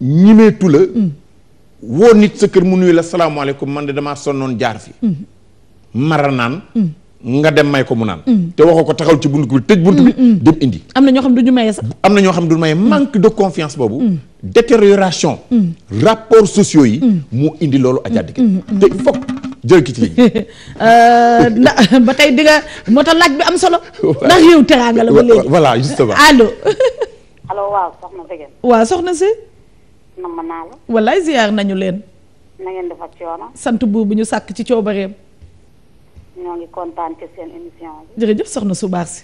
ñimeetu la woo nit sa kër mu nuyu la salaamaaleykum man de damaa sonnoon jaar fi mm. mara naan mm. nga dem may ko mu naan mm. te waxoo ko taxal ci bunt bi tëj dem indi am na ñoo xam duñu maye sax am na ñoo xam duñu maye manque de confiance boobu détérioration rapports sociaux yi mu indi loolu ajàddi ke te il jël ki ci ligne euh, ndax ba tey dinga moo tax laaj bi am solo ndax yow teraanga la ba léegi voilà justement allo allo soxna Degene waaw soxna si nam ma naa la. ziyaar nañu leen. sant buur bu ñu sàkk ci coobareem. ñoo ngi kontaan ci seen émission bi. jërëjëf soxna Subaar si.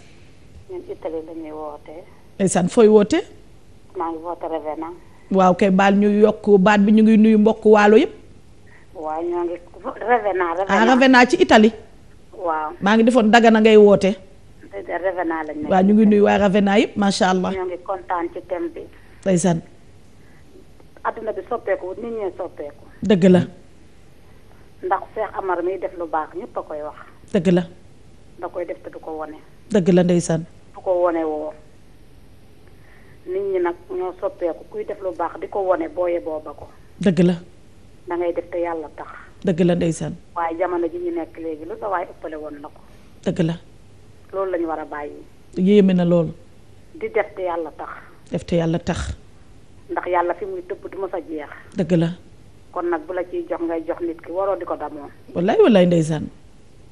ñun Italie fooy wootee. maa ngi woote Révenant. waaw kay baal ñu yokk baat bi ñu ngi nuyu mbokk waalo yëpp. waaw ñoo ngi Révenant Révenant ah, ci Italie. waaw maa ngi defoon Dagana ngay woote. Révenant lañ nekk waaw ñu ngi nuyu waa Révenant yëpp macha allah. ñoo ngi kontaan ci thème bi. ndeysaan. adduna bi soppeeku nit ñee soppeeku. dëgg la. ndax Cheikh Amar miy def lu baax ñëpp a koy wax. dëgg la. da koy def te du ko wone. dëgg la ndeysaan. du ko wone nit ñi nag ñoo soppeeku kuy def lu baax di ko wone booye booba ko. dëgg la. da def te yàlla tax. dëgg la ndeysaan. waaye jamono ji ñu nekk léegi lu sa waaye ëppale woon la ko. dëgg la. loolu la war a bàyyi. yéeme na loolu. di def te yàlla tax. def te yàlla tax. ndax yàlla fi muy tëbb du ma sa jeex. dëgg la. kon nag bu la ciy jox ngay jox nit ki waroo di ko damoo. wallaay wallaay ndeysaan.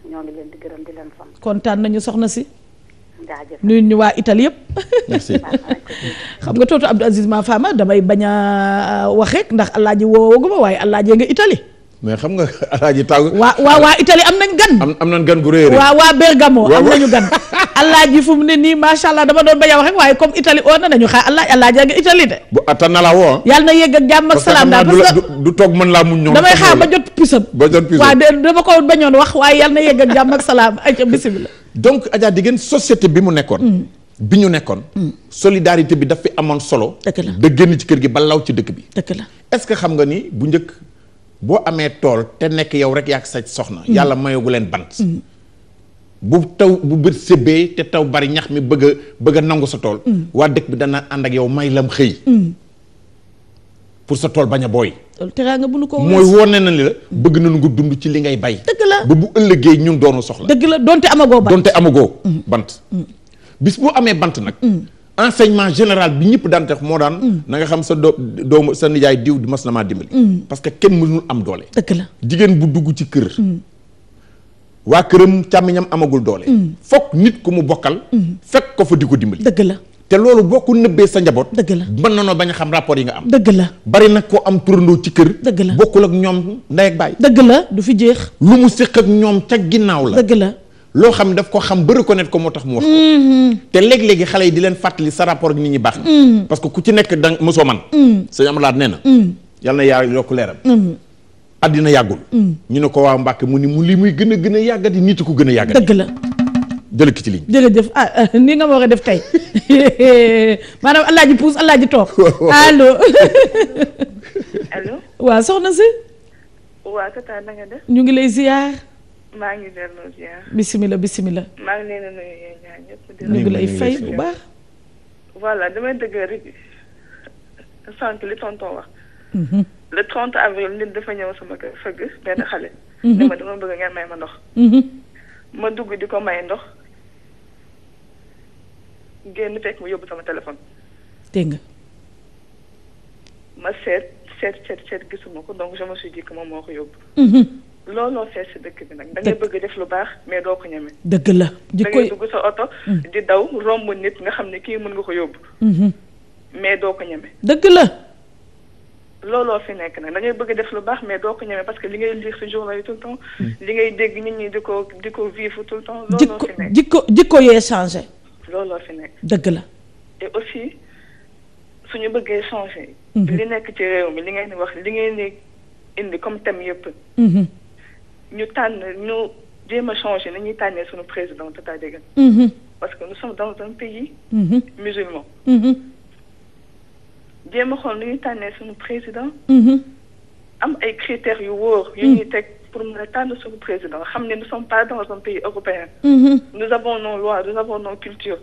ñoo ngi leen di di leen sant. kontaan nañu soxna si. jaajëf nuyu ñu waa ital yëpp. xam nga tootu Abdou Aziz ma fama damay bañ a euh, wax rek ndax alaaji woowoo ma waaye alaajee nga Italie. mais xam nga alaaji tàggu. waa waa waa Italie am nañ gan. am am nañ gan gu rëy a rëy. waa waa Bergamo am nañu gan. allah ji fu mu ne nii macha allah dama doon bañ a wax rek na nañu xaar allah allah nga Italie de. bu attan na la na yegg ak jàmm ak salaam daal du toog mën laa muñ ñoom damay xaar ba jot pisam. ba dama ko bañoon wax waaye yàlla na yegg ak jàmm ak salaam ayca bisimilah. donc Adja di ngeen société bi mu nekkoon. Mm. bi ñu nekkoon. Mm. solidarité bi daf fi amoon solo. dëgg la da génn ci kër gi ba law ci dëkk bi. dëgg est-ce que xam nga ni bu njëkk boo amee tool te nekk yow rek yaa sa soxna. Mm. yàlla mayagu leen bant bu taw bu bët sëbbee te taw bari ñax mi bëgg a bëgg a nangu sa tool. Mm. waa dëkk bi dana ànd ak yow may lam xëy. Mm. pour sa tool bañ a booy. teraanga bu nu ko mooy wone na ni la. bëgg nañu nga dund ci li ngay bay. dëgg la ba bu ëllëgee ñun doonu soxla. dëgg la donte amagoo bant donte amagoo. Mm. bant bis boo amee bant nag. enseignement général bi ñëpp daan tax moo daan. na nga xam sa doo doomu sa nijaay diw di mas na maa dimbali. parce que kenn mënul am doole. dëgg la jigéen bu dugg ci kër. waa këram càmmiñam amagul doole. Mm. foog nit ku mu bokkal. Mm. fekk ko fa di ko dimbali. dëgg la te loolu boo ko nëbbee sa njaboot. dëgg la mën na noo bañ a xam rapport yi nga am. dëgg la bari nag koo am turandoo ci kër. dëgg la bokkul ak ñoom ndey ak baay. dëgg la du fi jeex. lu mu séq ak ñoom ca ginnaaw la. dëgg la loo xam ne daf ko xam ba reconnaître ko moo tax mu wax mm-hmm. te léeg-léegi xale yi di leen fàttali sa rapport ak nit ñi baax na. Mm. parce que ku ci nekk danga mosoo man. sëñ laat nee na. yàlla na yaa yokk leeram mm-hmm. àddina yàggul. Mm. ñu ne ko waa Mbàkke mu ni mu li muy gën a gën a yàggati nit ko gën a yàggati. dëgg la. jërëjëf ci ligne bi jëf ah, ah ni nga ma war a def tey maanaam El Hadj Pouce El Hadj toog. allo. allo. soxna si. na ñu ngi lay ziar. maa ngi delloo ziar. bisimilah bisimilah. ñu ngi lay fay bu baax. voilà damay dëgg rek sant li tonton wax. Mhm. le 30 avril nit dafa ñëw sama kër fëgg benn mm-hmm. xale. Mm-hmm. ne ma dama bëgg ngeen may ma ndox. Mm-hmm. ma dugg di ko may ndox génn fekk mu yóbbu sama téléphone. dégg nga. ma seet seet seet gisuma ko donc je me suis moom moo ko yóbbu. looloo fees si dëkk bi nag da ngay bëgg def lu baax mais doo ko ñeme. dëgg la di koy da dugg sa oto. Mm. di daw romb nit nga xam ne kii mën nga ko yóbbu. mais doo ko ñeme. dëgg la. looloo fi nekk nag da ngay bëgg def lu baax mais doo ko ñemee parce que li ngay lire ci journal yi tout hmm. li ngay dégg nit ñi di ko di ko vivre tout le temps. looloo fi nekk jikko jikko yee changé. looloo fi nekk. dëgg la. et aussi suñu ñu bëggee changé. Hmm. li nekk ci réew mi li ngeen di wax li ngay di indi comme thème yëpp. Hmm. ñu tànn ñu jéem a changé ni ñuy tànnee suñu président Tata Diegane. parce que nous sommes dans un pays. musulman. jéem a xool nu ñuy tànnee suñu président. Mhm. am ay critères yu wóor. yu ñuy mhm. teg pour mën a tànn suñu président xam ne nous sommes pas dans un pays européen. Mhm. nous avons nos lois nous avons nos cultures.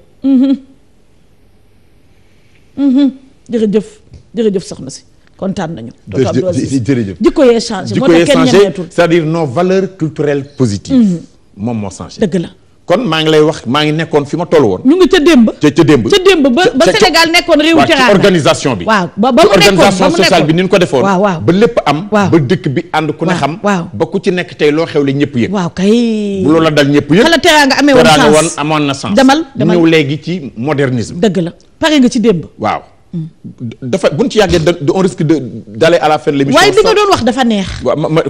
jërëjëf jërëjëf soxna si kontaan nañu. jërëjëf jikko yee changé. moo tax kenn ñemeetul c'est-à-dire nos valeurs culturelles positives. moom moo changé dëgg la. kon maa ngi lay wax maa ngi nekkoon fi ma toll woon. ñu ngi ca démb. ca ca démb ca démb ba ba Sénégal nekkoon réewu ci bi. waaw ba ba mu nekkoon bi ni ñu ko defoon. ba lépp am. ba dëkk bi ànd ku ne xam. ba ku ci nekk tey loo xew la ñëpp yëpp. waaw kay. bu loola dal ñëpp yëpp. xala teraanga amee woon sens na sens. demal demal ñëw léegi ci modernisme. dëgg la pare nga ci démb. waaw. dafa buñ ci yàggee da on de d'aller à la fin de l'émission waaye li nga doon wax dafa neex.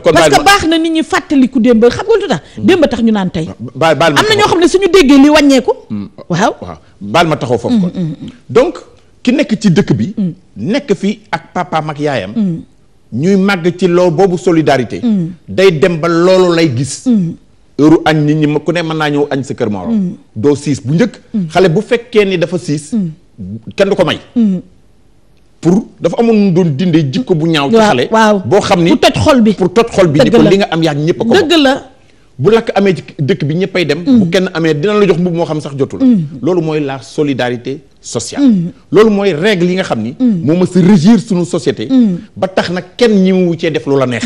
parce que baax na nit ñi fàttaliku démb xam nga lu tax. Hmm. tax ñu naan tey. baal baa ma am na ñoo xam ne suñu déggee li wàññeeku. Hmm. waaw waaw baal ma taxaw foofu hmm, kon. donc ki nekk ci dëkk bi. nekk fi ak papaam ak yaayam. ñuy màgg ci loolu boobu solidarité. day dem ba loolu lay gis. heure añ nit ñi ku ne mën naa ñëw añ sa kër morom. doo siis bu njëkk. xale bu fekkee ni dafa siis. kenn du ko may. Mm. pour dafa amoon nu doon dindee jikko bu ñaaw. ci xale boo xam ni pour toj xol bi. pour toj xol bi ni ko li nga am yaa ñëpp ko dëgg la. bu lakk amee ci dëkk bi ñëppay dem. bu mm. kenn amee dina la jox mbubb moo xam sax jotu la. Mm. loolu mooy la solidarité sociale. loolu mooy règle yi nga xam ni. moo ma si régir suñu société. ba tax na kenn ñi mu wuccee def la neex.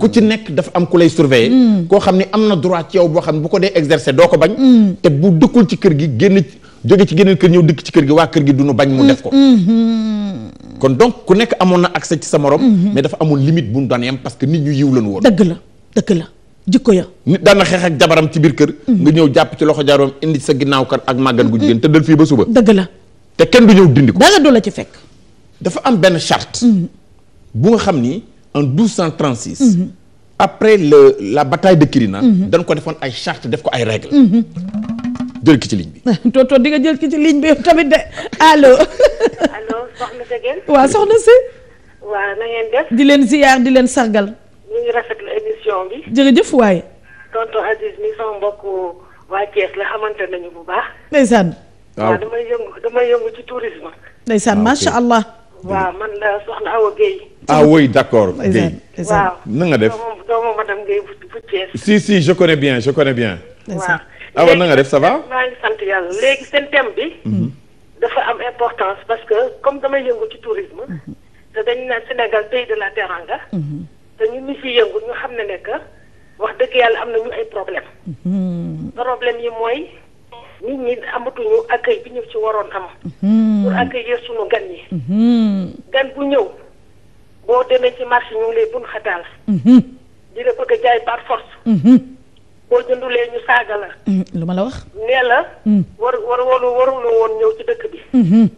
ku ci nekk dafa am ku lay surveiller. koo xam ni am na droit ci yow boo xam ne bu ko dee exercer doo ko bañ. te bu dëkkul ci kër gi génn. jóge ci geneen kër ñëw dëkk ci kër gi waa kër gi duñu bañ mu def ko mm-hmm. kon donc ku nekk amoon na ak accès ci sa morom mm-hmm. mais dafa amoon limite bu mu doon yem parce que nit ñu yiw lañu woon dëgg la dëgg la jikko ya nit daan na xeex ak jabaram ci biir kër mm-hmm. nga ñëw jàpp ci loxo jaaroom indi sa ginnaaw kër ak màggat gu jigéen tëddal fii ba suba dëgg la te kenn du ñëw dindi ko dara du la ci fekk dafa am benn charte bu nga xam ni en 1236 après le la bataille de Kirina dañ ko defoon ay charte def ko ay règle jël ki ci ligne bi. tonton di nga jël ki ci ligne bi tamit de allo. allo soxna si. waaw na def. di leen ziyaar di leen sargal. ñu ngi rafetlu émission bi. jërëjëf waaye. tonton Aziz mi sama mbokk waa Thiès la xamante nañu bu baax. ndeysaan. waaw damay yëngu damay yëngu ci tourisme. ndeysaan ah, macha allah. waaw man la soxna Awa Guèye. ah oui d'accord Guèye. waaw na nga def doomu madame Guèye bu Thiès. si si je bien je connais bien. waaw. awa ah, na nga def ça va maa ngi sant yàlla léegi seen bi. Mhm. dafa am importance parce que comme damay yëngu ci tourisme. te dañu naan Sénégal pays de la teranga. Mhm. te ñun ñu fi yëngu ñu xam ne nekk wax dëgg yàlla am nañu ay problème mhm. problème yi mooy. nit ñi amatuñu accueil bi ñu ci waroon am. pour accueillir sunu gan yi. gan bu ñëw boo demee ci marché ñu ngi lay bun xataal. di bëgg jaay par boo jëndulee ñu saaga la. Mm, lu ma la wax. nee la. Mm. war war waru waruloo woon ñëw ci dëkk bi. Mm-hmm.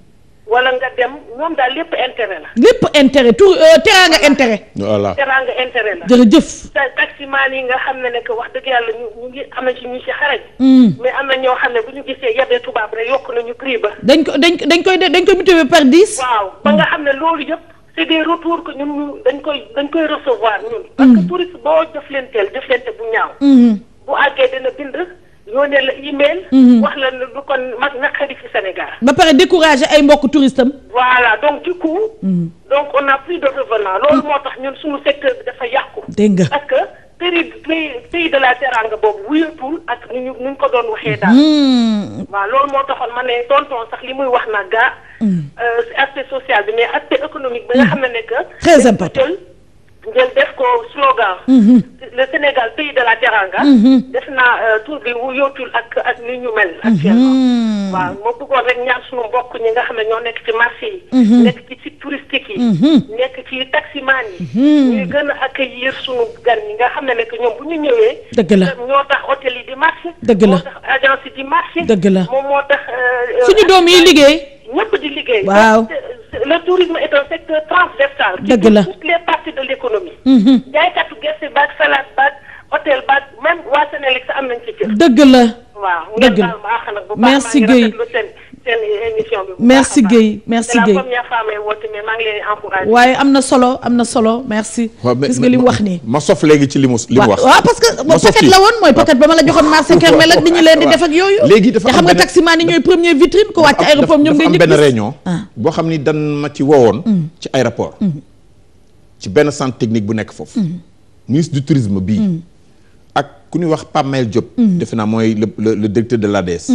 wala nga dem ñoom daal lépp intérêt la. lépp intérêt tout euh, teraanga intérêt. voilà teraanga intérêt la. jërëjëf. taximaan yi nga xam ne ne que wax dëgg yàlla ñu ñu ngi am na ci ñu ci xarañ. Mm. mais am na ñoo xam ne bu ñu gisee yabee tubaab rek yokk nañu prix ba. dañ ko dañ dañ koy dañ koy multiplier par dix. waaw ba nga xam ne loolu yëpp. c'est des retours que ñu dañ koy dañ koy recevoir ñun. parce que touriste boo bu ñaaw. Mm-hmm. bu àggee dina bind yónnee e email. Mhm. wax la ne du kon mag fi Sénégal. ba pare décourager ay mbokk touristam. voilà donc du coup. Mhm. donc on a plus de revenants loolu mhm. moo tax ñun suñu secteur bi dafa yàqu. dégg nga parce que période pays de la teranga boobu wuyatul ak nu ñu nu ñu ko doon waxee daal. waaw loolu moo taxoon ma ne tonton sax li muy wax na gaa. Euh, aspect social bi mais aspect économique bi nga xam ne que. très important ngeen def ko slogan. Mhm. le Sénégal pays de la teranga. Mhm. def naa euh, tur bi wu yootul ak ak ni ñu mel. actuellement mhm. waaw moo bëggoon rek ñaar sunu mbokk ñi nga xam ne ñoo nekk ci marché yi. nekk ci site touristique yi. nekk ci taximaan yi. ñuy gën a accueillir sunu gan yi nga xam ne nekk ñoom bu ñu ñëwee. dëgg la ñoo tax hôtel yi di marché. dëgg la moo tax agence yi di marché. dëgg la moom moo tax. Euh, suñu doom yi liggéey. ñëpp di liggéey. waaw le tourisme est un secteur transversal. dëgg la toutes les parties de l' économie. Mhm. jaaykatu gerte baag salade baag hôtel baag même waa Sénégal sax am nañ dëgg la. waaw dëgg la merci Guèye seen émission bi. merci Guèye merci Guèye waaye am na solo am na solo merci. gis nga li mu wax nii. ma sof léegi ci li mu li mu wax. waaw parce que moom paquet la woon mooy paquet ba ma la joxoon marché Kermel ak ak yooyu. léegi dafa am xam nga taximaan yi ñooy première vitrine ko wàcc aéroport ñoom ngay njëkk am benn réunion. Ah. boo xam ni dan ma ci woowoon. Mm. ci aéroport. Mm. ci benn centre technique bu nekk foofu. Mm. ministre du tourisme bii. ak ku ñuy wax Pamel Diop. defe naa mooy le le directeur de l'ADS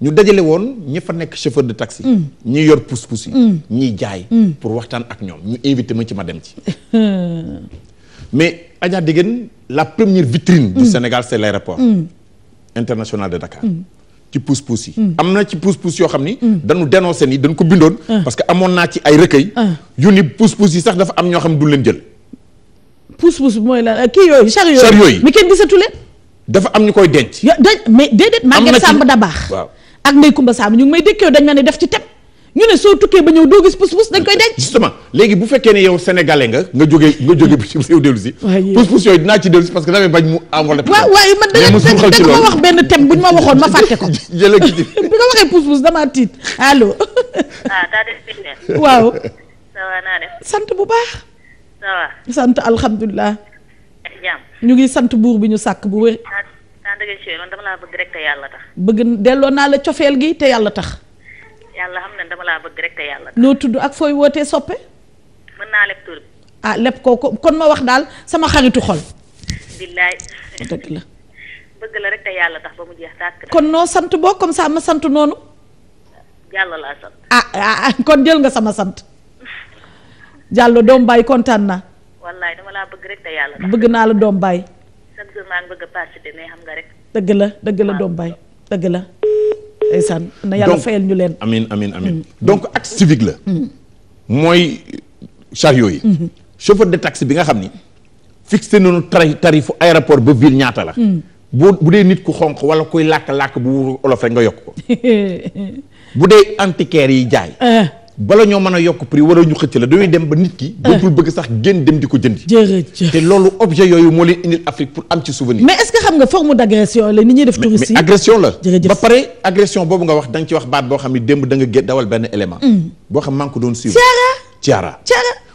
ñu dajale woon ñi fa nekk chauffeur de taxi. Mm. ñi yor pousse-pousse yi. Mm. ñiy jaay. Mm. pour waxtaan ak ñoom ñu invité ma ci ma dem ci. mais Adja Degen la première vitrine. du Sénégal c'est l'aéroport. international de Dakar. ci pousse-pousse yi. am na ci pousse-pousse yoo xam ni. dañu dénoncé ni dañ ko bindoon. Ah. parce que amoon naa ci ay recueil. Ah. yu ni pousse-pousse yi sax dafa am ñoo xam du leen jël. pousse-pousse mooy la kii yooyu chariot yooyu. mais kenn gisatu leen. dafa am ñu koy denc. mais déedéet. am na ci Maguette ak ndey Kumba Saam ñu ngi may dëkk yow dañ ma ne def ci teb ñu ne soo tukkee ba ñëw doo gis pousse-pousse dañ koy denc. justement léegi bu fekkee ne yow sénégalais nga nga jógee nga jógee bi ci yow dellu si. pousse-pousse yooyu dinaa ci dellu si parce que damay bañ mu enveloppé. waaw waaye man nga ma wax benn thème bu ñu ma waxoon ma fàtte ko. bi nga waxee pousse-pousse damaa tiit allo. Ah, sant bu baax. ça sant alhamdulilah. ñu ngi sant buur bi ñu sàkk bu wér. da ngay dama laa bëgg rek te yàlla tax. bëgg delloo naa la cofeel gi te yàlla tax. yàlla xam ne dama laa bëgg rekk te yàlla tax. tudd ak fooy wootee soppe. naa leb tur bi. Ah, ko kon ma wax daal sama xaritu xol. billaay. la. rek te yàlla tax ba mu jeex tàkk. kon noo sant boo comme ça ma sant noonu. jàll laa sant. Ah, ah, ah kon jël nga sama sant. jàll doom baay kontaan na wallaay dama laa bëgg rek te yàlla bëgg naa la doom baay. toujours maa ngi dëgg la dëgg la doom baay dëgg la. ndeysaan na yàlla fayal ñu leen. amin amin amin mm. donc acte civique la. Mm. mooy chariot yi. Mm-hmm. chauffeur de tax bi nga xam ni. fixé nañu tarifu aéroport ba ville ñaata la. Mm. bu bu dee nit ku xonq wala kuy làkk làkk bu olof rek nga yokk ko. bu dee antiquaire yi jaay. Ah. bala ñoo mën a yokk prix wala ñu xëcc la dañuy dem ba nit ki ah. dootul bëgg sax génn dem di ko jëndi jërëjëf te loolu objet yooyu moo leen indil Afrique pour am ci souvenir mais est-ce que xam nga forme d'agression la nit ñuy def touristes yi mais agression la ba pare agression boobu nga wax da ci wax baat boo xam ne démb da nga gé dawal benn élément mm. boo xam maa ngi ko doon suivre Thiara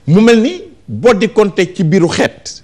mu mel ni boo di compter ci biiru xeet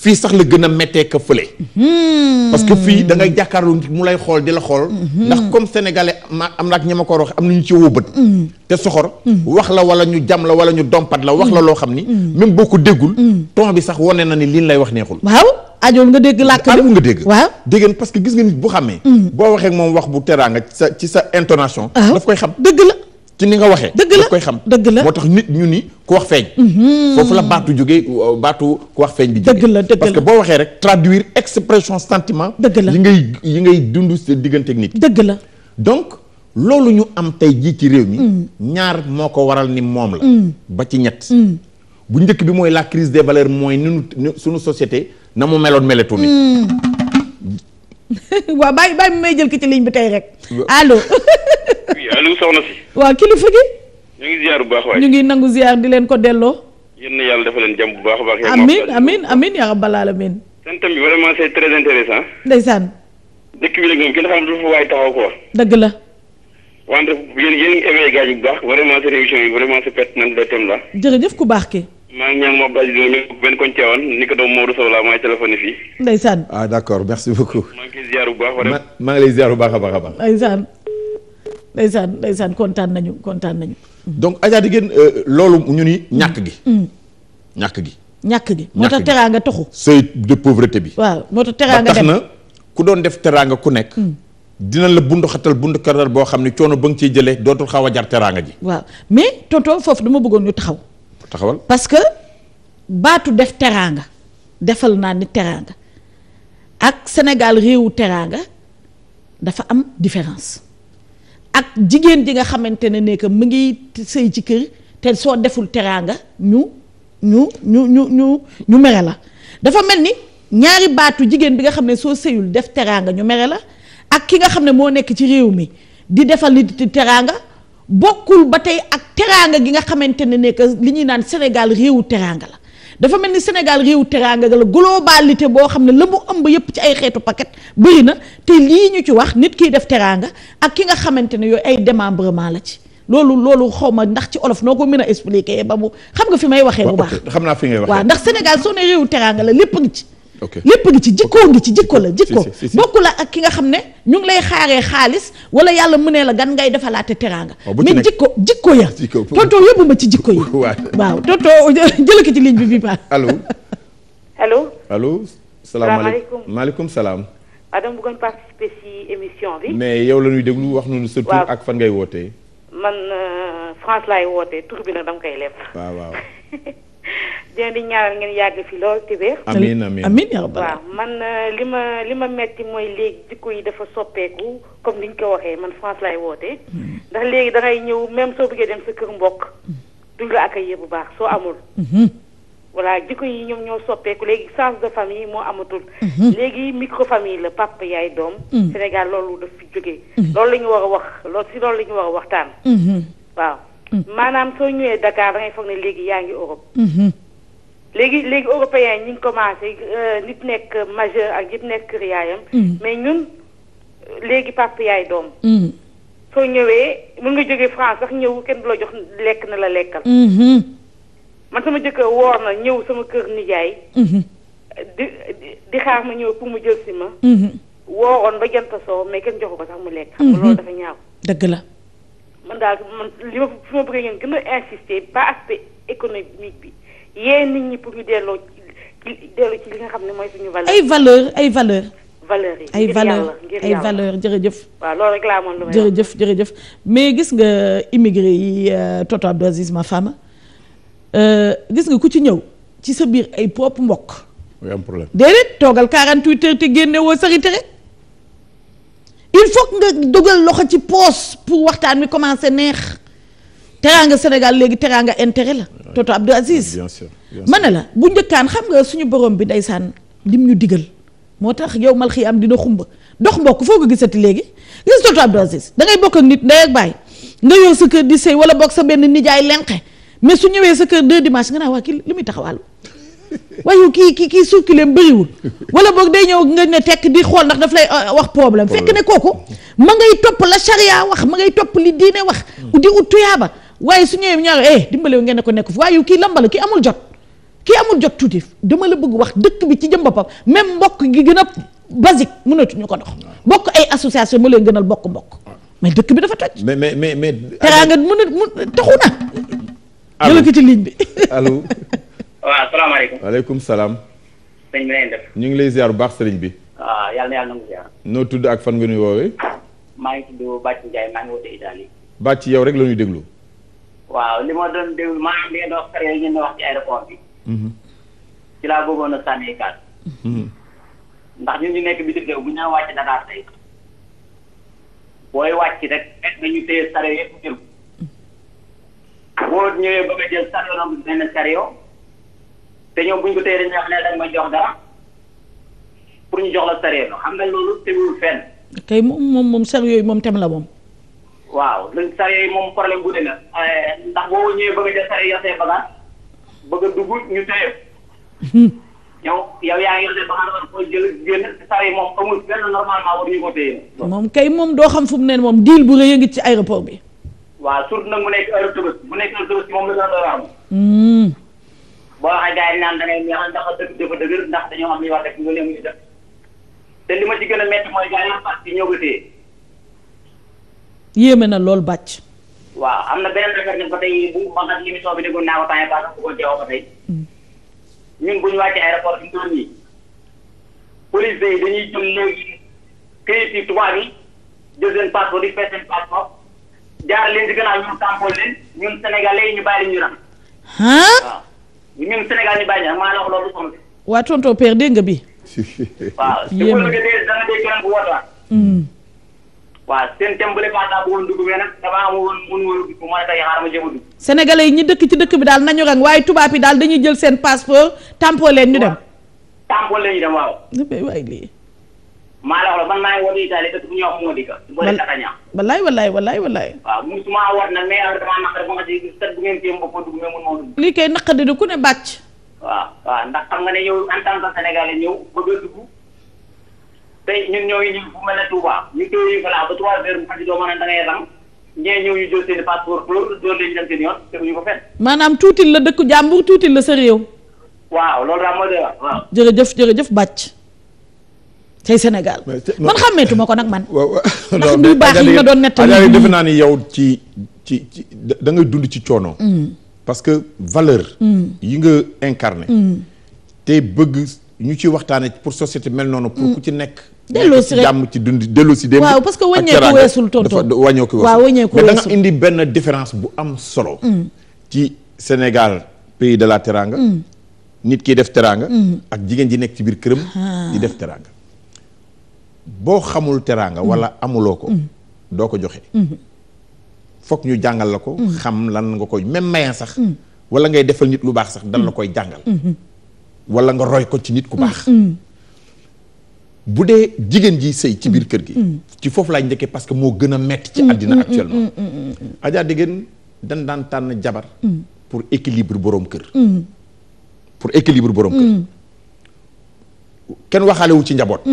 fii sax la gën a méttee ka fële. Hmm. parce que fii dangay ngay jàkkaarloo nit mu lay xool di la xool. Hmm. ndax comme sénégalais ma am na ak ña ko wax am na ñu ci woo bët. Hmm. te soxor. wax la wala ñu jam la wala ñu dompat la wax la loo xam ni. même boo ko déggul. ton bi sax wane na ni liñ lay wax neexul. waaw ajool nga dégg làkk bi nga dégg. waaw dégg ngeen parce que gis nga nit bu xamee. boo waxee moom wax bu teraanga ci sa ci sa intonation. Ah. daf koy xam dégg la. ci ni nga waxee. dëgg la koy xam dëgg la moo tax nit ñu ni ku wax feeñ. Mm-hmm. foofu la baatu jógee euh, baatu ku wax feeñ. bi jógee la dëgg parce que boo waxee rek traduire expression sentiment. dëgg la yi ngay yi ngay dund sa digganteeg nit. dëgg la donc loolu ñu am tey jii ci réew mi. Mm. ñaar moo ko waral ni moom la. Mm. ba ci ñett. Mm. bu njëkk bi mooy la crise des valeurs mooy ni suñu société na mu meloon meletu ni waa bàyyi bàyyi may jël ki ci ligne bi tey rek allo. oui allo soxna si. waaw kilifa gi. ñu ngi ziar bu baax waay ñu ngi nangu ziar di leen ko delloo. yéen yàlla dafa leen jàmm bu baax a baax. amiin amiin amiin yaa bi vraiment c'est très intéressant. ndeysaan. dëkk bi nag ko wax. dëgg la. wante yéen yéen ngi éveillé gaañ bu baax la. ku baax ki. maa ngi ñaan Mawal ni ko doom Maodo Sow laa maay téléphoné fii. ndeysaan. ah d'accord merci beaucoup. maa ngi lay ziar bu baax. maa ngi lay ziar ndeysaan ndeysaan kontaan nañu kontaan nañu. donc Adja di ngeen euh, loolu ñu ni mm. Mm. ñàkk gi. ñàkk gi. ñàkk gi moo tax teraanga toxu. seuil de pauvreté bi. waaw moo tax teraanga dem na ku doon def teraanga ku nekk. Mm. dina la bundu xatal bundu karal boo xam ne coono ba nga ciy jëlee dootul xaw a jar teraanga ji. waaw mais tonton foofu dama bëggoon ñu taxaw. taxawal parce que baatu def teraanga defal naa ni teraanga ak Sénégal réewu teraanga dafa am différence. ak jigéen ji nga xamante ne ne mu ngi sëy ci kër te soo deful teraanga ñu ñu ñu ñu ñu ñu mere la dafa mel ni ñaari baatu jigéen bi nga xam ne soo sëyul def teraanga ñu mere la ak ki nga xam ne moo nekk ci réew mi di defal nit teraanga bokkul ba tey ak teraanga gi nga xamante ne ne li ñuy naan Sénégal réewu teraanga la dafa mel ni Sénégal réewu teraanga la globalité boo xam ne la mu ëmb yépp ci ay xeetu paquet bëri na te lii ñu ci wax nit kiy def teraanga ak ki nga xamante ne yooyu ay démembrement la ci loolu loolu xaw ma ndax ci olof noo ko mën a expliquer ba mu xam nga fi may waxee bu baax xam naa fi ngay ndax Sénégal soo ne réewu teraanga la lépp ngi ci lépp ngi ci jikkoo ngi ci jikko la jikko bokku la ak ki nga xam ne ñu ngi lay xaaree xaalis wala yàlla mu ne la gan ngay defalaate teraanga oh, mais jikko jikko ya tonton yóbbu ma ci jikko yi waaw tonton jële ko ci ligne bi bi baax allo allo salaamaaleykum maaleykum salaam waaw dama bëggoon mais yow la ñuy déglu wax nañu sa ak fan ngay wootee man euh, France laay wootee tur bi koy leb dina di ñaaral ngeen yàgg fi lool te wér. amiin amiin amiin yaa man euh, li ma li ma metti mooy léegi jikko yi dafa soppeeku comme ni ñu ko waxee man France lay woote. Hmm. ndax léegi da ñëw même soo bëggee dem sa kër mbokk. Hmm. duñ la accueillir bu baax soo amul. Hmm. voilà jikko yi ñoom ñoo soppeeku léegi sens de famille moo amatul. léegi micro famille la papa yaay doom. Sénégal loolu daf fi jógee. loolu la ñu war a wax loolu si loolu la ñu war a waxtaan. waaw maanaam soo ñëwee Dakar léegi yaa ngi Europe. léegi léegi européens yi ñu ngi commencé euh, nit nekk majeur ak yëpp nekk kër yaayam. Mm. mais ñun léegi papa yaay doom. Mm. soo ñëwee mën nga jógee France sax ñëw kenn du la jox lekk na la lekkal. Mm-hmm. man sama jëkkër woor na ñëw sama kër nijaay. Mm-hmm. di di xaar ma ñëw pour mu jël si ma. Mm-hmm. wooroon ba jant soo mais kenn joxu ko sax mu lekk. xam nga loolu dafa ñaaw. dëgg la. man daal man li ma fi ma bëggee ngeen gën a insister ba aspect économique bi. yee nit ñi pour ñu li nga xam ne mooy suñu valeur. ay valeur ay valeur valeur ay valeur ay valeur jërëjëf. waaw loolu rek laa amoon lu jërëjëf mais gis nga immigré yi euh, Toto Abdou Aziz ma femme euh, gis nga ku ci ñëw ci sa biir ay propre mbokk. muy am problème déedéet toogal 48 heures te génne woo sa retraite il faut nga dugal loxo ci poos pour waxtaan wi commencer neex. teraanga Sénégal léegi teraanga intérêt la Toto Abdou Aziz bien ma ne la bu njëkkaan xam nga suñu borom bi ndeysaan lim ñu digal moo tax yow mal xii am dina xumba dox mbokk foo ko gisati léegi gis Toto Abdou Aziz da ngay bokk ak nit ndey ak baay nga yow sa kër di sëy wala bokk sa benn nijaay lenqe mais su ñëwee sa kër deux dimanche nga naa waa kii li muy taxawaalu waaye kii kii kii circulem bëriwul wala boog day ñëw nga ne tekk di xool ndax daf lay euh, wax problème fekk ne kooku ma ngay topp la charia wax ma ngay topp li diine wax mm. di ut tuyaaba waaye su ñëwee ñaar eh dimbale ngeen ne ko nekk fi waaye yow kii lambala kii amul jot kii amul jot tuuti dama la bëgg wax dëkk bi ci jëm boppam même mbokk gi gën a basique mënatuñu ko dox bokk ay association ma leen gënal bokk mbokk dëkk bi dafa toj. mais mais mais mais. na. allo jëlee ko ci ligne bi. allo. waaw salaam. sëñ ñu ngi lay ziar bu baax sëriñ bi. Ah, yàlla yàlla nangu ziar. noo tudd ak fan nga ñu woowee. maa ngi tudd Bàcc Ndiaye yow rek la déglu. waaw li ma doon déglu maa ngi leen wax keroog ñu ngi wax ci aéroport bi. Mhm. ci laa bëggoon a sànni kaat. Mhm. ndax ñu nekk bitim réew bu ñu wàcc Dakar tey booy wàcc rek fekk nga ñu jël ko boo ñëwee bëgg a jël sareet te ñoom bu ñu ko téye dañuy wax ne dañ ma jox dara pour ñu jox la sareet xam nga loolu teguwul fenn. kay moom moom moom sareet moom tem la moom. waaw léegi sare yooyu moom problème bu ne la. Eh, ndax boo ñëwee bëgg a def sare yor say bëgg a ñu tëye. Hmm. yow yow yaa ngi yor say bagage war koo jël génn sare moom amul benn normalement war ñu ko téye. moom kay moom doo xam fu mu ne moom diil bu a ngi ci aéroport bi. waaw surtout nag mu nekk heure Tabaski bu nekk heure moom la gën a doon hmm. boo waxee gars yi naan da ngay neexal ndax dëgg dafa dëgër ndax dañoo am li wax def nga leen te li ma ci gën a métti mooy gars yi ñoo ko téye yéeme na lool bàcc. waaw am na beneen affaire nag ba tey bu ma xam émission bi déggoon naa ko temps yii baax na ko teewoo hmm. bu ñu wàccee aéroport yi dañuy jël léegi këyit yi tubaab yi jël seen passeport di fay seen passeport jaar leen ci a ñu tampon leen ñun sénégalais yi ñu bàyyi la ñu ram. waaw ñun Sénégal ñu bàyyi la maa la loolu waa tonton père dégg bi. waaw yéen a waaw ko déggee dana dégg waa seen thème bu départ daa nag damaa amul woon mun woon mu mën a tey xaaral ma jéem a yi ñu dëkk ci dëkk bi daal nañu rang waaye tubaab yi daal dañuy jël seen passeport tampo leen ñu dem. tampo leen ñu dem waaw. waay lii. maa la wax man maa ngi woon Italie dëkk bu ñuy wax Modica. wala walaay walaay walaay walaay. waaw musuma woon nag ba nga si sët bu ngeen cee mbokk ma mun moo dugg. lii kay naqari ku ne bàcc. waaw waaw ndax xam nga ne yow en tant que sénégalais ñëw bëgg a dugg maanaam tuutil la dëkku jàmbur tuutil la sa réew. waaw loolu daal moo doy man xàmmeetu ko nag man. ndax du baax yi nga doon nettali. defe naa ni yow ci ci dangay da dund ci coono. Mm. parce que valeur. Mm. yi nga incarné. Mm. te bëgg ñu ci waxtaane pour société mel noonu. pour ku ci nekk. delloo si rek jàmm ci dund delloo si démb. waaw parce que wàññeeku weesul tonton dafa wàññeeku weesul. waaw wàññeeku weesul mais da nga indi benn différence bu am solo. Mm. ci Sénégal pays de la teranga. Mm. nit kiy def teranga. Mm. ak jigéen ji nekk ci biir këram. di def teranga. boo xamul teranga wala amuloo ko. doo ko joxe. foog ñu jàngal la ko. xam lan nga koy même maye sax. wala ngay defal nit lu baax sax dan la koy jàngal. Mm-hmm. wala nga roy ko ci nit ku baax. bu dee jigéen ji sëy ci biir kër gi mm. ci foofu laay njëkkee parce que moo gën a metti ci mm, àddina mm, actuellement Adja Dégène dañ daan tànn jabar pour équilibre boroom kër pour équilibre boroom kër kenn waxaale wu ci njaboot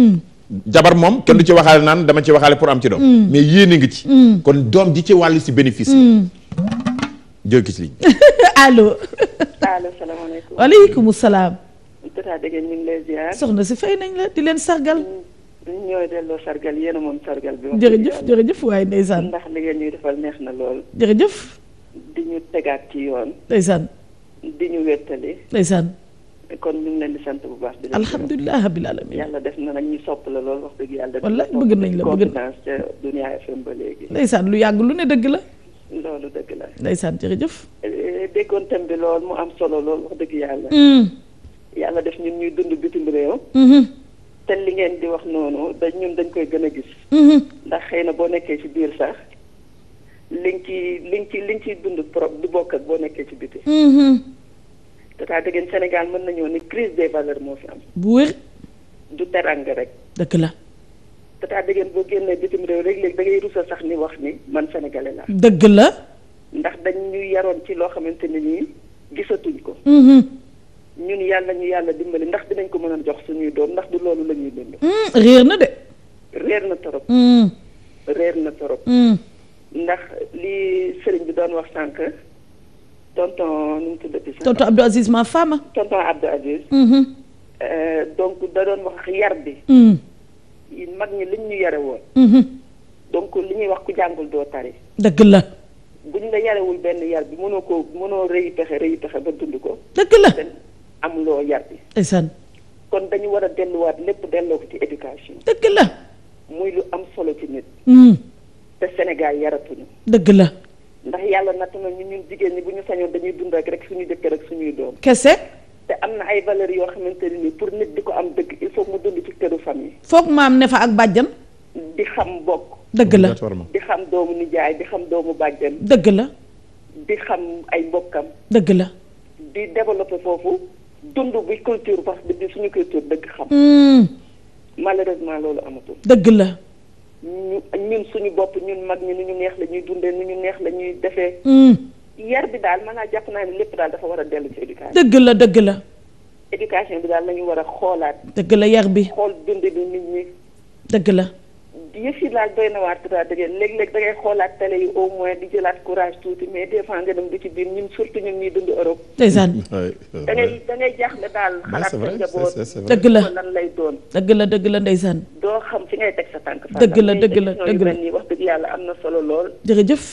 jabar moom kenn du ci waxaale naan dama ci waxaale pour am ci doom mais yéene ngi ci kon doom ji ci wàll si bénéfice jël ki ci ligne allo allo salaamaaleykum waaleykum salaam Tata Degge ñu ngi lay ziar. soxna si fay nañ la di leen sargal. ñooy delloo sargal yéen a moom sargal bi. jërëjëf jërëjëf waaye ndeysaan. ndax li ngeen ñuy defal neex na lool. jërëjëf. di ñu tegaat ci yoon. ndeysaan. di ñu wéttali. ndeysaan. kon ñu ngi leen di sant bu baax. di leen alhamdulilah rabbil yàlla def na nag ñu sopp la lool wax dëgg yàlla. wallaay bëgg nañ la bëgg nañ la Dunia FM ba léegi. ndeysaan lu yàgg lu ne dëgg la. loolu dëgg la. ndeysaan jërëjëf. Eh, eh, déggoon thème bi lool mu am solo lool wax dëgg yàlla. Hmm. yàlla def ñun ñuy dund bitim réew. Mm-hmm. te li ngeen di wax noonu dañ ñun dañ koy gën a gis. Mm-hmm. ndax xëy na boo nekkee ci biir sax liñ ci liñ ci liñ ciy dund pro du bokk ak boo nekkee ci biti. Mm-hmm. te taa dëggeen Sénégal mën nañoo ni crise de valeurs moo fi am. bu wér. du teranga rek. dëgg la. te taa dëggeen boo génnee bitim réew léeg-léeg da ngay sax ni wax ni man sénégalais laa. dëgg la. ndax dañ ñu yaroon ci loo xamante ne nii gisatuñ ko. ñun yàlla ñu yàlla dimbali ndax dinañ ko mën a jox suñuy doom ndax du loolu la ñuy dund. Hmm, réer na de. na torop. réer na torop. Hmm. Hmm. ndax li sëriñ bi doon wax sànq tonton nu mu tuddati sax. tonton Abdou Aziz ma femme. tonton Abdou Aziz. Euh, donc da doon wax yar bi. mag ñi liñ ñu yare woon. donc li ñuy wax ku jàngul doo tari. dëgg la. buñ la yarewul benn yar bi mënoo ko mënoo rëy pexe rëy pexe ba dund ko. dëgg la. amuloo yar bi. ndeysaan. kon dañu war a delluwaat lépp delloo ko ci éducation. dëgg la. muy lu am solo ci nit. Hmm. te Sénégal yaratuñu. dëgg la. ndax yàlla nattu na ñun jigéen ñi bu ñu sañoon dañuy dund ak rek suñu jëkkër rek suñuy doom. kese. te am na ay valeurs yoo xamante ne nii pour nit di ko am dëgg il faut mu dund ci këru famille. foog maam ne fa ak bàjjan. di xam mbokk dëgg la di xam doomu nijaay di xam doomu bàjjan. dëgg la. di xam ay mbokkam. dëgg la. di développer foofu dund bi culture parce que di suñu culture dëgg xam. Hmm. malheureusement loolu amatul. dëgg la. ñu ñun suñu bopp ñun mag ñi nu ñu neex la ñuy dundee nu ñu neex la ñuy defee. Hmm. yar bi daal maanaam jàpp naa ne lépp daal dafa war a dellu ci éducation. dëgg la dëgg la. éducation bi daal la war a xoolaat. dëgg la yar bi xool dund bi nit ñi. dëgg la. yëf yi laaj doy na waar dara léeg-léeg da ngay xoolaat télé yi au moins di jëlaat courage tuuti mais des fois nga dem ba ci biir ñun surtout ñun ñuy dund Europe. ndeysaan. da ngay da daal. xalaat sa njaboot dëgg la lan lay dëgg la dëgg la ndeysaan. doo xam fi ngay teg sa tànk. dëgg la dëgg la dëgg la wax dëgg yàlla am na solo lool. jërëjëf.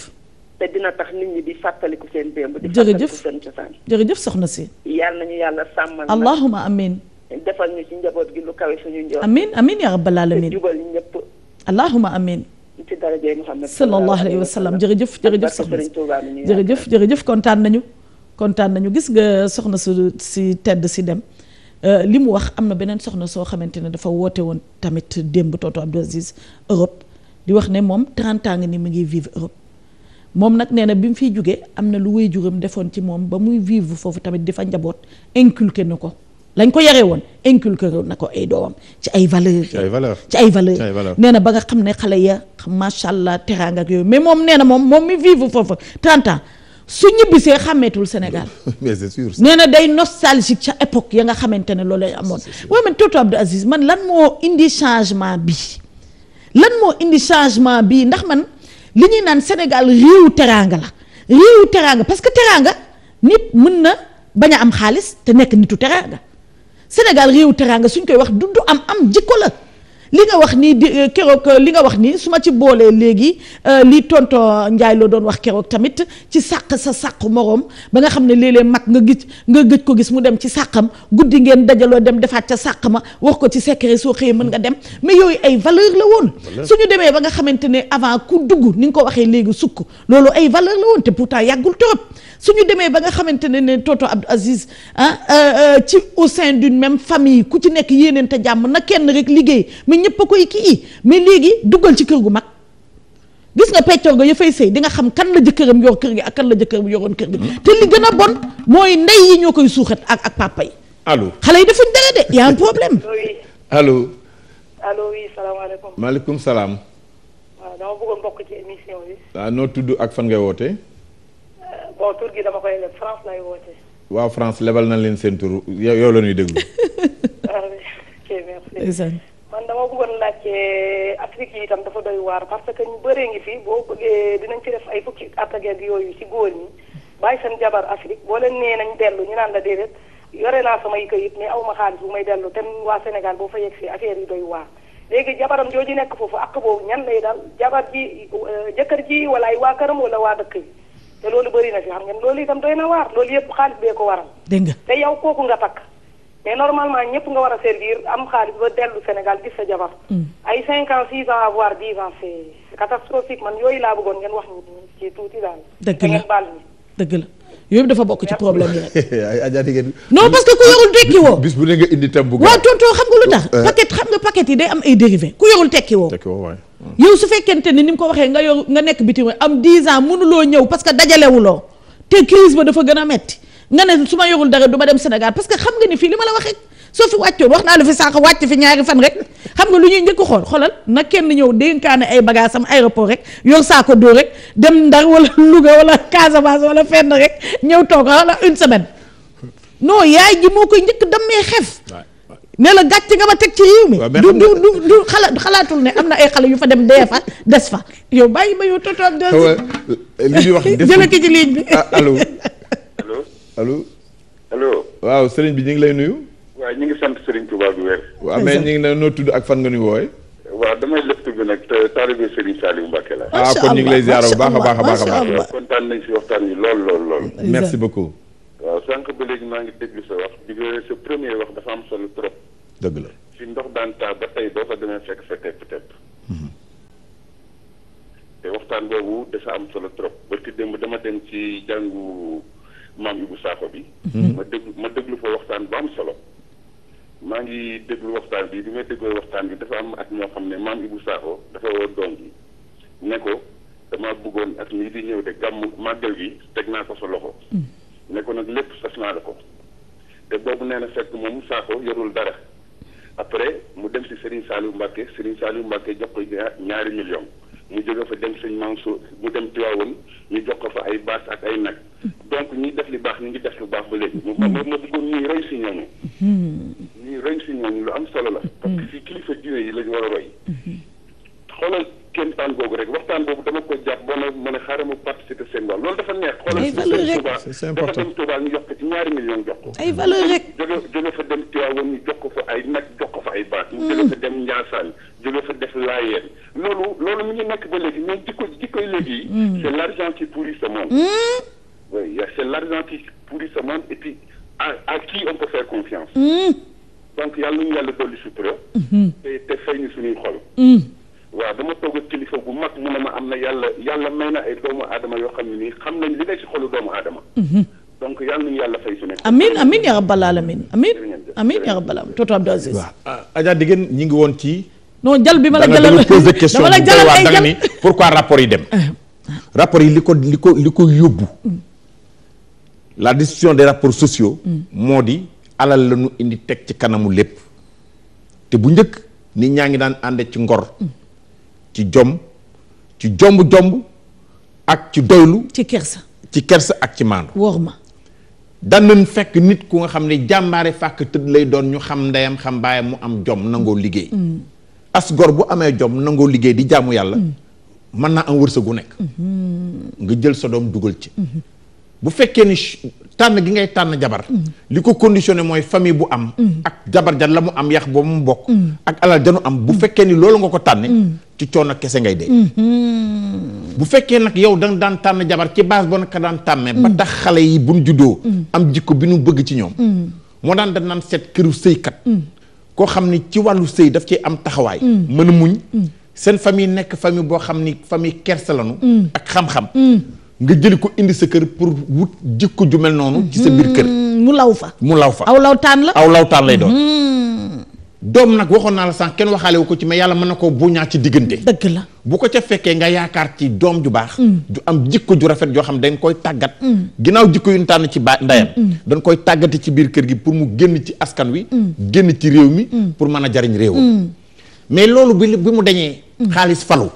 te dina tax nit ñi di fàttaliku seen démb. di fàttaliku seen cosaan jërëjëf jërëjëf soxna si. yàlla nañu yàlla sàmmal. allahumma amiin defal ñu ci njaboot gi lu kawe suñu allahuma amin ci darajay Muhammad sallallahu alayhi wa sallam jërëjëf jërëjëf soxna si jërëjëf jërëjëf kontaan nañu kontaan nañu gis nga soxna su si tedd si dem euh, li mu wax am na beneen soxna soo xamante ne dafa woote woon tamit démb Toto Abdou Aziz Europe di wax ne moom trent ans nga ni mu ngi vivre Europe moom nag nee na bi mu fiy jógee am na lu wéy juram defoon ci moom ba muy vivre foofu tamit di fa njaboot inculqué na ko lañ ko yaree woon inculqué na ko ay doomam ci ay valeur ci ay valeur ci ay nee na ba nga xam ne xale ya macha allah teraanga yooyu mais moom nee na moom moom mi vivre foofu 30 ans su ñibbisee xàmmeetul Sénégal mais nee na day nostalgique ca époque ya nga xamante ne loolu lay amoon waaw man Toto Abdou Aziz man lan moo indi changement bi lan moo indi changement bi ndax man li ñuy naan Sénégal réewu teraanga la réewu teraanga parce que teraanga nit mën na bañ a am xaalis te nekk nitu teraanga Sénégal réewu teraanga suñ koy wax du du am am jikko la li nga wax nii di euh, keroog euh, li nga wax nii su ma ci boolee léegi euh, li tonto Njaay loo doon wax keroog tamit ci sàq sa sàq moroom ba nga xam ne léeg-léeg mag nga gis nga gëj ko gis mu dem ci sàqam guddi ngeen dajaloo dem defaat ca sàq ma wax ko ci secret soo xëyee mën nga dem mais yooyu ay valeur la woon su suñu demee ba nga xamante ne avant ku dugg ni nga ko waxee léegi sukk loolu ay valeur la woon te pourtant yàggul su suñu demee ba nga xamante ne ne tonton Abdou Aziz ah ci au sein d'une même famille ku ci nekk yéeneen te jàmm na kenn liggéey ñëpp a koy kii mais léegi dugal ci kër gu mag gis nga peccoor ga ya fay sëy di nga xam kan la jëkkëram yor kër gi ak kan la jëkkëram yoroon kër gi hmm. te li gën a bon mooy ndey yi ñoo koy suuxat ak ak papa yi allo xale yi defuñ dara de y salaam ah, noo tudd ak fan ngay woote euh, waaw France lebal na leen seen tur yow la ñuy déglu ah man dama bëggoon laajte eh, Afrique yi itam dafa doy waar parce que ñu bëree ngi fii boo bëggee dinañ fi def ay fukki at ak yooyu ci góor ñi bàyyi seen jabar Afrique boo leen nee nañ dellu ñu naan la déedéet yore naa samay kayit mais aw ma xaalis bu may dellu tem waa Sénégal boo fa yegg si affaire yi doy waar. léegi jabaram jooju nekk foofu ak boobu ñan lay daal jabar ji eh, jëkkër ji wala ay waa këram wala waa dëkk yi te loolu bëri na fi xam ngeen loolu itam doy na waar loolu yëpp xaalis bee ko waral. dégg yow kooku nga mais normalement ñëpp nga war a servir am xaalis ba dellu Sénégal gis sa jabar. Hmm. ay 5 ans 6 ans voire 10 ans catastrophique man yooyu laa bëggoon ngeen wax ñu ci tuuti daal. dëgg la dafa bokk ci problème bi nag. non parce que ku bu ne nga indi thème bu waaw tonton xam nga lu tax. Euh, paquet xam yi day am ay dérivé ku yorul hmm. su fekkente ni ni mu ko waxee nga yor nga nekk bitim am 10 ans mënuloo ñëw parce que dajalewuloo te crise ba dafa gën a metti nga ne su ma yorul dara du ma dem Sénégal parce que xam nga ni fii li ma la waxee soo fi wàccoon wax naa la fi sànq wàcc fi ñaari fan rek xam nga lu ñuy njëkk xool xoolal na kenn ñëw dénkaane ay bagages am aéroport rek yor saako dóor rek dem Ndar wala Louga wala Casamance wala fenn rek ñëw toog wala une semaine non yaay ji moo koy njëkk dammee xef ne la gàcc nga ma teg ci réew mi du du du du xalaatul ne am na ay xale yu fa dem dee fa des fa yow bàyyi ma yow totoog des allo. allo. waaw sëriñ bi ñu ngi lay nuyu. waaw ñu ngi sant sëriñ Touba bu wér. waaw mais ñu ngi lay noo tudd ak fan nga ñu wooye. waaw damay lépp tudd nag te taalibe Serigne Saliou Mbacké la. ah kon ñu ngi lay ziar bu baax a baax a baax a baax. kontaan nañ si waxtaan yi lool lool lool. merci beaucoup. waaw sànq ba léegi maa ngi déglu sa wax di nga sa premier wax dafa am solo trop. dëgg la si ndox daan taa ba tey boo fa demee fekk fa tepp tepp. te waxtaan boobu dafa am solo trop ba ci démb dama dem ci jàngu. maam Ibou saako bi. Hmm. ma dëgg ma déglu fa waxtaan bu am solo. maa ngi déglu waxtaan bi bi may dégloo waxtaan bi dafa am at ñoo xam ne maam Ibou saako dafa woo doom ji ne ko damaa bëggoon ak lii di ñëw de gàmmu màggal gi teg naa ko sa loxo. Hmm. ne ko nag lépp sas naa ko. te boobu nee na fekk moom mu saako yorul dara. après mu dem si Serigne Saliou Mbacke Serigne Saliou Mbacke jox ko ñaari million mu jóge fa dem sëñ Mansour mu dem Tiwaawan ñu jox ko fa ay baas ak ay nag donc ñuy def li baax ñu ngi def lu baax ba léegi. moom ma mu bëggoon ñuy roy si ñooñu. Hmm. ñuy roy si ñooñu lu am solo la. parce que si kilifa diine yi lañu war a roy. Hmm. xoolal waxtaan googu rek waxtaan boobu dama ko jàpp ba ma ne xaaral ma participer seen wàll loolu dafa neex. ay valeur rek xoolal si Touba dafa dem Touba ñu jox ko ñaari millions jox ko. ay valeur rek jóge fa dem Tivaouane ñu jox ko fa ay ko ay baat. ñu mm. jóge fa dem Ndiassane jóge fa def Laayeen loolu loolu mi ngi nekk ba léegi mais jikko jikkoy léegi. Mm. c' est l' argent qui pourrit ce monde. Mm. oui c' est l' argent qui pourrit ce monde et puis a à qui on peut faire confiance. donc yàlla nañu yàlla dolli sutura. Mm-hmm. te te fay ñu suñuy xol. waa dama toog kilifa bu mag mu ne ma am na yàlla yàlla may na ay doomu aadama yoo xam ne nii xam nañ li ne si xolu doomu aadama. Mhm. donc yàlla nañu yàlla fay su nekk. amiin amiin yaa rabbal aalamiin toto Abdou Aziz. waaw ah, ngi woon ci. non jal bi ma la jalal dama la jalal ay jal ni pourquoi rapport yi dem. Eh. rapport yi li ko li ko li ko yóbbu. Mm. la décision des rapports sociaux. Mm. moo di alal la ñu indi teg ci kanamu lépp. te bu njëkk nit ñaa ngi daan ànd ci ngor. Mm. ci jom ci jomb-jomb ak ci doylu ci kersa ci kersa ak ci maandu wóor ma fekk nit ku nga xam ne jàmbaare fàkk tëdd lay doon ñu xam ndeyam xam baayam mu am jom nangoo liggéey mm. as bu amee jom nangoo liggéey di jàmmu yàlla mm. mën naa am wërsëg gu nekk mm-hmm. nga jël sa doom dugal ci mm-hmm. bu fekkee ni tànn gi ngay tànn jabar mm. li ko conditionné mooy famille bu am mm. ak jabar ja la mu am yax boobu mu bokk mm. ak alal janu am bu fekkee ni loolu nga ko tànne ci coono kese ngay dee mm-hmm. bu fekkee nag yow danga daan tànn jabar ci base ba naka daan tàmmee ba tax xale yi buñ juddoo am jikko bi nu bëgg ci ñoom moo daan danaan seet këru sëykat koo xam ni ci wàllu sëy daf ci am taxawaay mën a muñ seen famille nekk famille boo xam ni famille kersa lanu ak xam-xam nga jëli ko indi sa kër pour wut jikko ju mel noonu. ci sa biir kër. Mm, mu law fa mu law fa. aw lawtaan la aw lawtaan lay doon. Mm. doom nag waxoon naa la san kenn waxaale wu ko ci mais yàlla mën na koo buñaa ci diggante. dëgg la bu ko ca fekkee nga yaakaar ci doom ju baax. Mm. ju am jikko ju rafet joo xam danga koy tàggat. ginnaaw jikko yu ñu tànn ci ba ndeyam. dañ koy tàggati ci biir kër gi pour mu génn ci askan wi. génn ci réew mi. pour mën a jariñ réew mais loolu bi mu dañee. xaalis falu.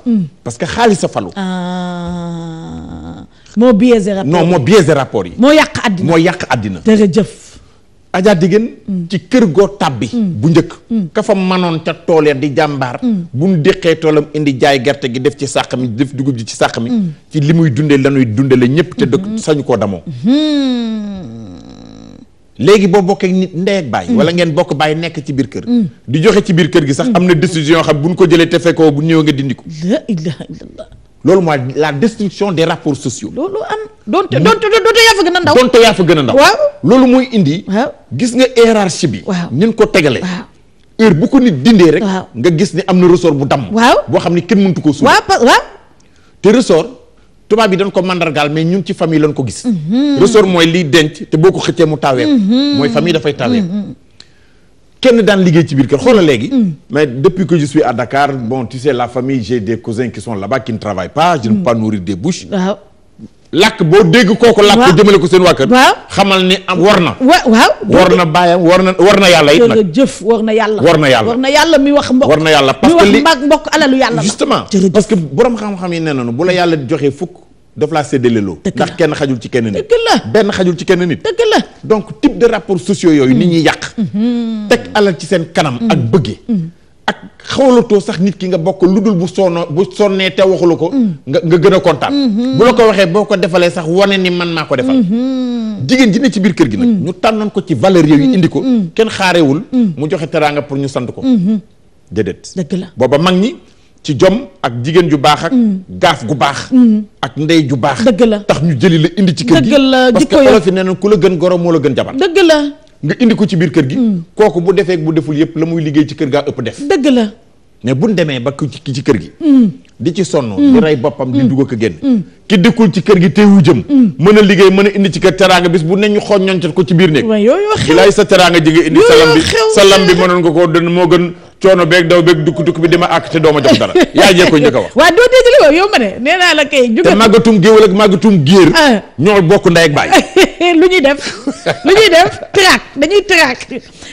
moo biaisé rapport non moo rapport yi. moo yàq àddina moo yàq àddina. jërëjëf. Adja Digeen. Mm. ci kër goo tàbbi. Mm. bu njëkk. Mm. ka fa manoon ca toolee di jàmbaar. bu nu déqee toolam indi jaay gerte gi def ci sàq mi def dugub ji ci sàq mi. ci li muy dundee lanuy dundale ñëpp te dëkk mm-hmm. sañu koo damoo. Mm-hmm. léegi boo bokkee nit ndey ak baay. wala ngeen bokk bàyyi nekk ci biir kër. di joxe ci biir kër gi sax am na décision xam bu ñu ko jëlee te fekkoo bu ñëwee nga dindi ko. la ilaha loolu mooy la destruction des rapports sociaux. loolu am donte donte donte yaa fa gën a ndaw. donte yaa fa gën a ndaw. waaw loolu mooy indi. gis nga hiérarchie bi. waaw nin ko tegalee. heure bu ko nit dindee rek. nga gis ni am na ressort bu damm. waaw boo xam ne kenn mëntu ko. suuf waaw te ressort tubaab yi dañ ko mandargaal mais ñun ci famille lañ ko gis. Mhm. ressort mooy liy denc te boo ko xëccee mu tawee mhm. mooy famille dafay tawee kenn daan liggéey ci biir kër xoola léegi. Mm. mais depuis que je suis à Dakar bon tu sais la famille j'ai des cousins qui sont là qui ne travaillent pas. je ne mm. pas nourrir des bouches. làkk boo dégg kooku. waaw làkk jëmale ko seen waa waaw xamal ne am war na. wa waaw war na bàyyam war na war na yàlla it nag. jërëjëf war na yàlla. war na yàlla war na yàlla mi wax mbokk. war na yàlla parce que li mi wax mbokk alalu yàlla. justement parce que borom xam-xam yi nee nañu bu la yàlla joxee fukk. daf laa séddale loo ndax kenn xajul ci kenn nit benn xajul ci kenn nit dëgg la donc type de rapports sociaux yooyu nit ñuy yàq mm-hmm. teg alal ci seen kanam ak mm-hmm. bëggee mm-hmm. ak xawalatoo sax nit ki nga bokk lu dul bu sono bu sonnee te waxula ko mm. nga nga gën a kontaan bu la ko waxee boo ko defalee sax wane ni man maa ko defal jigéen ji ne ci biir kër gi nag mm. ñu tànnoon ko ci valeur yooyu mm. indi ko kenn xaarewul mu joxe teraanga pour ñu sant ko déedéet dëgg la booba mag ñi ci jom ak jigéen ju baax ak. Mm. gaaf gu baax. Mm. ak ndey ju baax. dëgg la tax ñu jëli la indi ci kër gi. dëgg la parce que olof nee na ku la gën gorom moo la gën jabar. dëgg la nga indi ko ci biir kër gi. Mm. kooku bu defee bu deful yëpp la muy liggéey ci kër gaa ëpp def. dëgg la mais bu ñu demee ba ki ci kër gi. di ci sonn. di rey boppam di dugg ko génn. ki dikkul ci kër gi teewu jëm. mën a liggéey mën a indi ci kër teraanga bis bu ne ñu xooñ ñoñcat ko ci biir néeg. waaw yooyu xew sa teraanga ji nga indi. salam bi salam bi mënoon ko dën moo gën coono beeg daw beeg dukk dukk bi dama àkk te doo ma jox dara yaa jee ko njëkk a wax waaw doo dégg li yow ma ne nee naa la kay te màggatum géwél ak màggatum géer ah. ñoo bokk ndey ak baay lu ñuy def lu ñuy def traak dañuy traak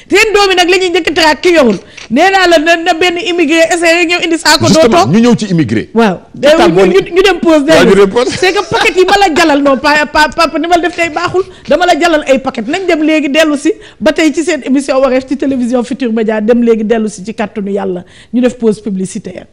seen doom yi nag la ñuy njëkk traak ki yorul nee naa la na na benn immigré essayé ñëw indi saako. dootoo ñu ñëw ci immigré. waaw ñu dem pause. waaw ñu dem pause c'est que paquet yi ma la jalal non pa papa ni ma la def tey baaxul dama la jalal ay paquet nañ dem léegi dellu si ba tey ci seen émission wareef ci télévision Futur Média dem léegi dellu si ci kàttanu yàlla ñu def pause publicitaire.